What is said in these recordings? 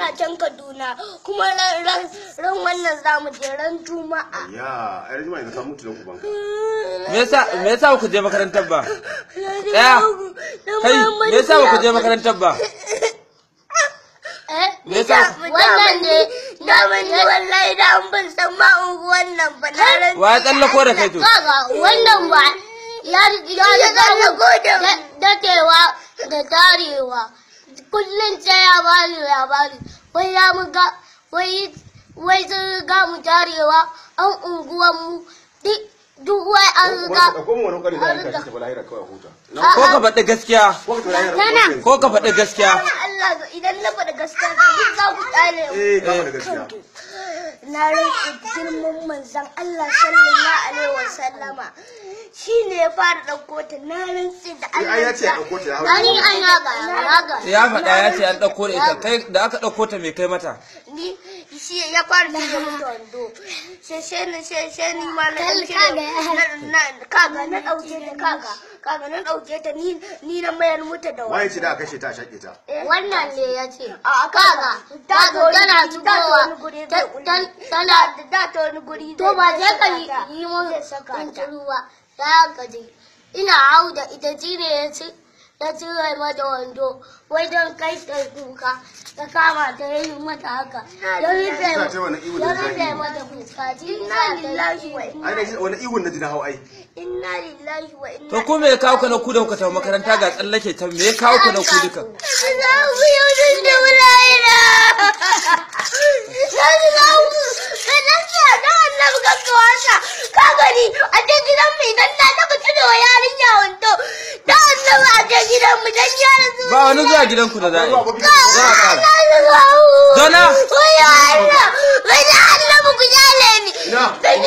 na can Kaduna kuma ran wannan zamu je ran Juma'a. Ya, ai Juma'a ina samu tilon kuban. Me yasa me yasa ku je makarantar ba? Tsaya. Kai, me yasa ku je makarantar ba? Eh, Wannan ne na wani wallahi da an ban san ma unguwan nan ba na ran. Wa tsallako da kai to? Wannan ba ya ya tsallako da datewa da tarewa. Kullum tsaya wai ya mu ga wai wai sun riga mu jarewa an unguwanmu duk duk wai an riga ko ka faɗi gaskiya ko ka faɗi gaskiya idan na faɗi gaskiya na rike girman manzan Allah sallallahu alaihi wasallama shi ne ya fara ɗauko ta na rantsi da Allah ya ta ya faɗa ya ce an ɗauko da ita kai da aka ɗauko ta mai kai mata ni shi ya fara ɗauko ta wando sai sai ni sai sai ni ma na ɗauke nan kaga na ɗauke ta kaga kaga na ɗauke ta ni ni na mayar mata da wani ci da kashe ta shaƙe ta eh. wannan ne ya ce a kaga ta zo tana zubowa tana da ta wani guri to ba je ka yi mun ruwa ta gaji. ina hau da ita ne ya ce ta cire mata wando wai don kai ta kuka ta kama ta yi mata haka ya rufe mata kuka inna lillahi wa inna ilaihi wani ihun na jina hau ai inna lillahi wa inna to ko me ya kawo ka na ku da kuka makaranta ga tsallake ta me ya kawo ka na ku duka za ku yi wajen da wurare na za ku ka dan sa dan annabi ka kawasa ka gani a cikin gidan mai dan na taba wa yarinya wando da Allah a ga gidan mu dan gyara zuwa ba wani zuwa gidan ku da a yi zona Allah wai Allah mu ku yale ni dan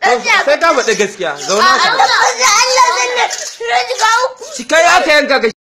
dan sai ka faɗi gaskiya zauna ka. kai aka yanka